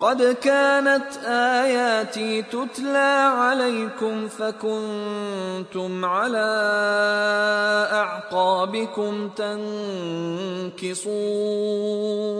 قد كانت اياتي تتلى عليكم فكنتم على اعقابكم تنكصون